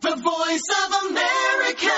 The Voice of America.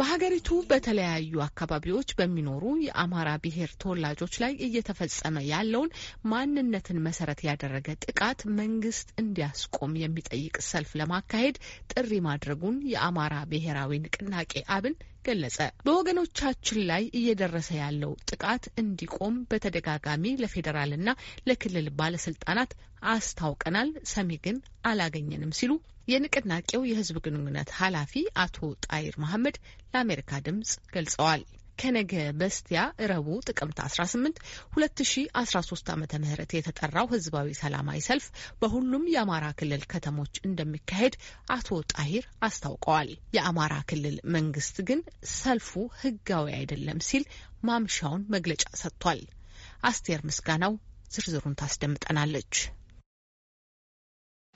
በሀገሪቱ በተለያዩ አካባቢዎች በሚኖሩ የአማራ ብሔር ተወላጆች ላይ እየተፈጸመ ያለውን ማንነትን መሰረት ያደረገ ጥቃት መንግስት እንዲያስቆም የሚጠይቅ ሰልፍ ለማካሄድ ጥሪ ማድረጉን የአማራ ብሔራዊ ንቅናቄ አብን ገለጸ። በወገኖቻችን ላይ እየደረሰ ያለው ጥቃት እንዲቆም በተደጋጋሚ ለፌዴራልና ለክልል ባለስልጣናት አስታውቀናል፣ ሰሚ ግን አላገኘንም ሲሉ የንቅናቄው የህዝብ ግንኙነት ኃላፊ አቶ ጣይር መሐመድ ለአሜሪካ ድምጽ ገልጸዋል። ከነገ በስቲያ እረቡ ጥቅምት 18 2013 ዓ ም የተጠራው ህዝባዊ ሰላማዊ ሰልፍ በሁሉም የአማራ ክልል ከተሞች እንደሚካሄድ አቶ ጣሂር አስታውቀዋል። የአማራ ክልል መንግስት ግን ሰልፉ ህጋዊ አይደለም ሲል ማምሻውን መግለጫ ሰጥቷል። አስቴር ምስጋናው ዝርዝሩን ታስደምጠናለች።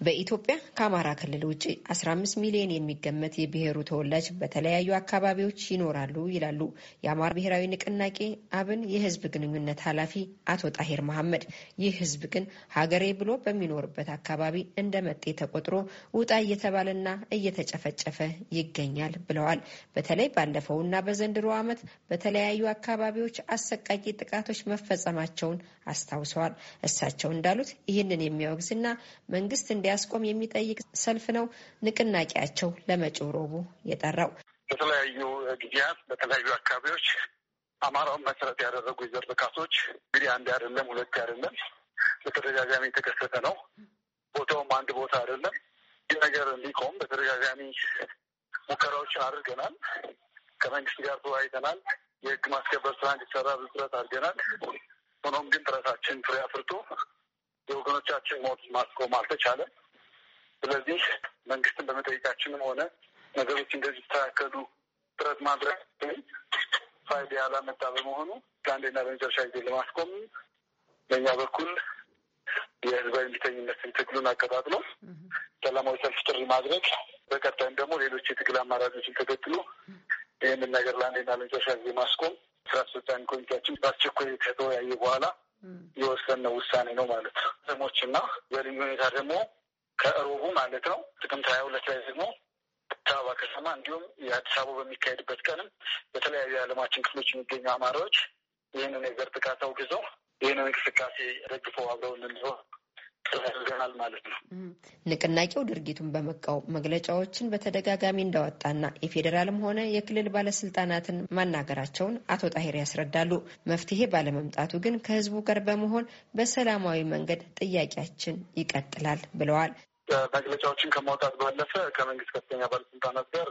በኢትዮጵያ ከአማራ ክልል ውጭ 15 ሚሊዮን የሚገመት የብሔሩ ተወላጅ በተለያዩ አካባቢዎች ይኖራሉ ይላሉ የአማራ ብሔራዊ ንቅናቄ አብን የህዝብ ግንኙነት ኃላፊ አቶ ጣሂር መሐመድ። ይህ ህዝብ ግን ሀገሬ ብሎ በሚኖርበት አካባቢ እንደ መጤ ተቆጥሮ ውጣ እየተባለና እየተጨፈጨፈ ይገኛል ብለዋል። በተለይ ባለፈውና በዘንድሮ ዓመት በተለያዩ አካባቢዎች አሰቃቂ ጥቃቶች መፈጸማቸውን አስታውሰዋል። እሳቸው እንዳሉት ይህንን የሚያወግዝና መንግስት እንዲያስቆም የሚጠይቅ ሰልፍ ነው ንቅናቄያቸው ለመጪው ረቡዕ የጠራው። በተለያዩ ጊዜያት በተለያዩ አካባቢዎች አማራውን መሰረት ያደረጉ የዘር ጥቃቶች እንግዲህ አንድ አይደለም፣ ሁለት አይደለም፣ በተደጋጋሚ የተከሰተ ነው። ቦታውም አንድ ቦታ አይደለም። ይህ ነገር እንዲቆም በተደጋጋሚ ሙከራዎችን አድርገናል። ከመንግስት ጋር ተወያይተናል። የህግ ማስከበር ስራ እንዲሰራ ብዙ ጥረት አድርገናል። ሆኖም ግን ጥረታችን ፍሬ አፍርቶ የወገኖቻችን ሞት ማስቆም አልተቻለም። ስለዚህ መንግስትን በመጠየቃችንም ሆነ ነገሮች እንደዚህ ተካከሉ ጥረት ማድረግ ፋይዳ ያላመጣ በመሆኑ ለአንዴና በመጨረሻ ጊዜ ለማስቆም በእኛ በኩል የህዝባዊ እምቢተኝነትን ትግሉን አቀጣጥሎ ሰላማዊ ሰልፍ ጥሪ ማድረግ በቀጣይም ደግሞ ሌሎች የትግል አማራጮችን ተከትሎ ይህንን ነገር ለአንዴና ለመጨረሻ ጊዜ ማስቆም ስራ አስፈጻሚ ኮሚቴያችን በአስቸኳይ ከተወያየ በኋላ የወሰነው ውሳኔ ነው ማለት ነው። ከተሞች እና በልዩ ሁኔታ ደግሞ ከእሮቡ ማለት ነው ጥቅምት ሀያ ሁለት ላይ ደግሞ አዲስ አበባ ከተማ እንዲሁም የአዲስ አበባ በሚካሄድበት ቀንም በተለያዩ የዓለማችን ክፍሎች የሚገኙ አማራዎች ይህንን የዘር ጥቃት አውግዘው ይህንን እንቅስቃሴ ደግፈው አብረውን እንዲሆን ጥረት ማለት ነው። ንቅናቄው ድርጊቱን በመቃወም መግለጫዎችን በተደጋጋሚ እንዳወጣና የፌዴራልም ሆነ የክልል ባለስልጣናትን ማናገራቸውን አቶ ጣሄር ያስረዳሉ። መፍትሄ ባለመምጣቱ ግን ከህዝቡ ጋር በመሆን በሰላማዊ መንገድ ጥያቄያችን ይቀጥላል ብለዋል። መግለጫዎችን ከማውጣት ባለፈ ከመንግስት ከፍተኛ ባለስልጣናት ጋር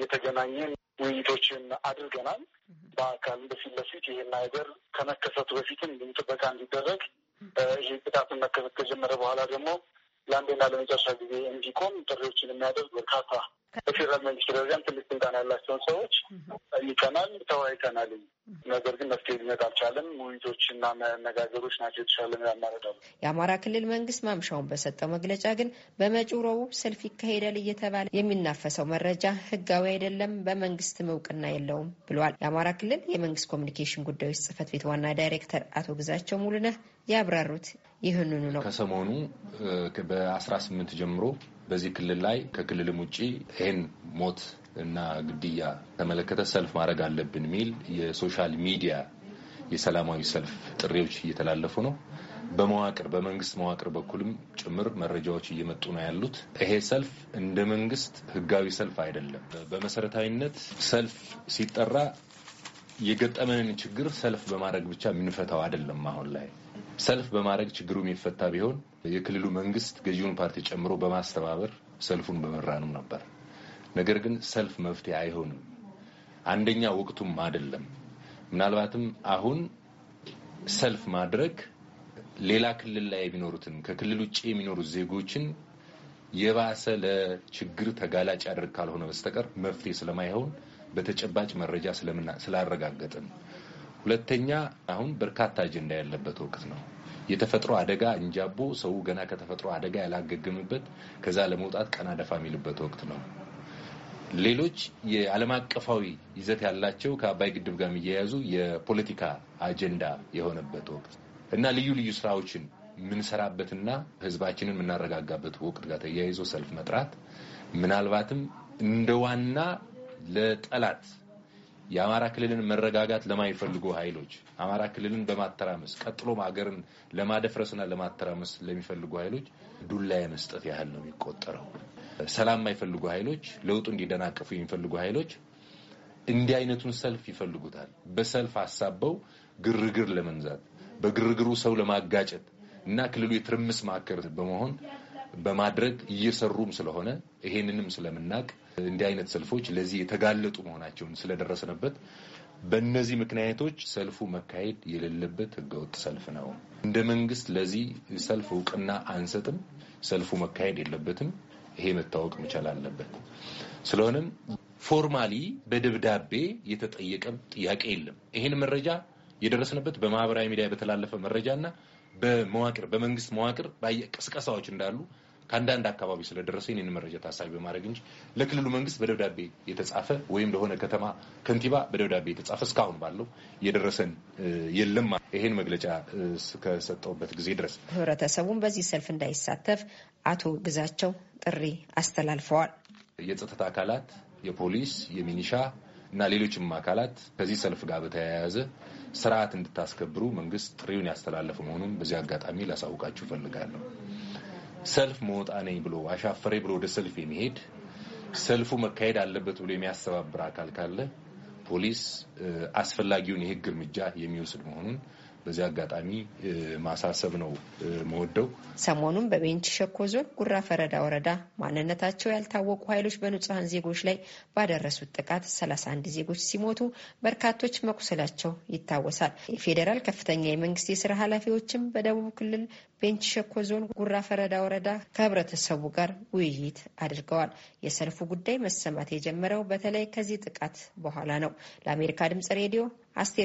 የተገናኘን ውይይቶችን አድርገናል። በአካል በፊት ለፊት ይህን ነገር ከመከሰቱ በፊትም ጥበቃ እንዲደረግ ይህ መከሰት ከጀመረ በኋላ ደግሞ ለአንዴና ለመጨረሻ ጊዜ እንዲቆም ጥሪዎችን የሚያደርግ በርካታ በፌዴራል መንግስት ደረጃም ትልቅ ስልጣን ያላቸውን ሰዎች ጠይቀናል፣ ተወያይተናል። ነገር ግን መፍትሄ ሊመጣ አልቻለም። እና መነጋገሮች ናቸው የተሻለ ያማረዳሉ። የአማራ ክልል መንግስት ማምሻውን በሰጠው መግለጫ ግን በመጪው ረቡዕ ሰልፍ ይካሄዳል እየተባለ የሚናፈሰው መረጃ ህጋዊ አይደለም፣ በመንግስት እውቅና የለውም ብሏል። የአማራ ክልል የመንግስት ኮሚኒኬሽን ጉዳዮች ጽህፈት ቤት ዋና ዳይሬክተር አቶ ግዛቸው ሙሉነህ ያብራሩት ይህንኑ ነው። ከሰሞኑ በአስራ ስምንት ጀምሮ በዚህ ክልል ላይ ከክልልም ውጭ ይህን ሞት እና ግድያ ተመለከተ ሰልፍ ማድረግ አለብን የሚል የሶሻል ሚዲያ የሰላማዊ ሰልፍ ጥሪዎች እየተላለፉ ነው። በመዋቅር በመንግስት መዋቅር በኩልም ጭምር መረጃዎች እየመጡ ነው ያሉት። ይሄ ሰልፍ እንደ መንግስት ህጋዊ ሰልፍ አይደለም። በመሰረታዊነት ሰልፍ ሲጠራ የገጠመንን ችግር ሰልፍ በማድረግ ብቻ የምንፈታው አይደለም። አሁን ላይ ሰልፍ በማድረግ ችግሩ የሚፈታ ቢሆን የክልሉ መንግስት ገዢውን ፓርቲ ጨምሮ በማስተባበር ሰልፉን በመራንም ነበር። ነገር ግን ሰልፍ መፍትሄ አይሆንም። አንደኛ ወቅቱም አይደለም። ምናልባትም አሁን ሰልፍ ማድረግ ሌላ ክልል ላይ የሚኖሩትን ከክልል ውጭ የሚኖሩ ዜጎችን የባሰ ለችግር ተጋላጭ ያደርግ ካልሆነ በስተቀር መፍትሄ ስለማይሆን በተጨባጭ መረጃ ስላረጋገጥን ሁለተኛ አሁን በርካታ አጀንዳ ያለበት ወቅት ነው። የተፈጥሮ አደጋ እንጃቦ ሰው ገና ከተፈጥሮ አደጋ ያላገገምበት ከዛ ለመውጣት ቀና ደፋ የሚልበት ወቅት ነው። ሌሎች የዓለም አቀፋዊ ይዘት ያላቸው ከአባይ ግድብ ጋር የሚያያዙ የፖለቲካ አጀንዳ የሆነበት ወቅት እና ልዩ ልዩ ስራዎችን የምንሰራበትና ህዝባችንን የምናረጋጋበት ወቅት ጋር ተያይዞ ሰልፍ መጥራት ምናልባትም እንደ ዋና ለጠላት የአማራ ክልልን መረጋጋት ለማይፈልጉ ኃይሎች አማራ ክልልን በማተራመስ ቀጥሎም ሀገርን ለማደፍረስና ለማተራመስ ለሚፈልጉ ኃይሎች ዱላ የመስጠት ያህል ነው የሚቆጠረው። ሰላም የማይፈልጉ ኃይሎች፣ ለውጡ እንዲደናቀፉ የሚፈልጉ ኃይሎች እንዲህ አይነቱን ሰልፍ ይፈልጉታል። በሰልፍ አሳበው ግርግር ለመንዛት በግርግሩ ሰው ለማጋጨት እና ክልሉ የትርምስ ማዕከል በመሆን በማድረግ እየሰሩም ስለሆነ ይሄንንም ስለምናቅ እንዲህ አይነት ሰልፎች ለዚህ የተጋለጡ መሆናቸውን ስለደረስንበት በእነዚህ ምክንያቶች ሰልፉ መካሄድ የሌለበት ህገወጥ ሰልፍ ነው። እንደ መንግስት ለዚህ ሰልፍ እውቅና አንሰጥም። ሰልፉ መካሄድ የለበትም። ይሄ መታወቅ መቻል አለበት። ስለሆነም ፎርማሊ በደብዳቤ የተጠየቀ ጥያቄ የለም። ይህን መረጃ የደረስንበት በማህበራዊ ሚዲያ በተላለፈ መረጃ እና በመዋቅር በመንግስት መዋቅር ቅስቀሳዎች እንዳሉ ከአንዳንድ አካባቢ ስለደረሰ ይህንን መረጃ ታሳቢ በማድረግ እንጂ ለክልሉ መንግስት በደብዳቤ የተጻፈ ወይም ለሆነ ከተማ ከንቲባ በደብዳቤ የተጻፈ እስካሁን ባለው የደረሰን የለም። ይሄን መግለጫ እስከሰጠውበት ጊዜ ድረስ ህብረተሰቡን በዚህ ሰልፍ እንዳይሳተፍ አቶ ግዛቸው ጥሪ አስተላልፈዋል። የጸጥታ አካላት የፖሊስ፣ የሚኒሻ እና ሌሎችም አካላት ከዚህ ሰልፍ ጋር በተያያዘ ስርዓት እንድታስከብሩ መንግስት ጥሪውን ያስተላለፈ መሆኑን በዚህ አጋጣሚ ላሳውቃችሁ እፈልጋለሁ። ሰልፍ መውጣ ነኝ ብሎ አሻፈሬ ብሎ ወደ ሰልፍ የሚሄድ ሰልፉ መካሄድ አለበት ብሎ የሚያስተባብር አካል ካለ ፖሊስ አስፈላጊውን የሕግ እርምጃ የሚወስድ መሆኑን በዚህ አጋጣሚ ማሳሰብ ነው መወደው። ሰሞኑን በቤንች ሸኮ ዞን ጉራ ፈረዳ ወረዳ ማንነታቸው ያልታወቁ ኃይሎች በንጹሐን ዜጎች ላይ ባደረሱት ጥቃት 31 ዜጎች ሲሞቱ በርካቶች መቁሰላቸው ይታወሳል። የፌዴራል ከፍተኛ የመንግስት የስራ ኃላፊዎችም በደቡብ ክልል ቤንች ሸኮ ዞን ጉራ ፈረዳ ወረዳ ከህብረተሰቡ ጋር ውይይት አድርገዋል። የሰልፉ ጉዳይ መሰማት የጀመረው በተለይ ከዚህ ጥቃት በኋላ ነው። ለአሜሪካ ድምጽ ሬዲዮ አስቴር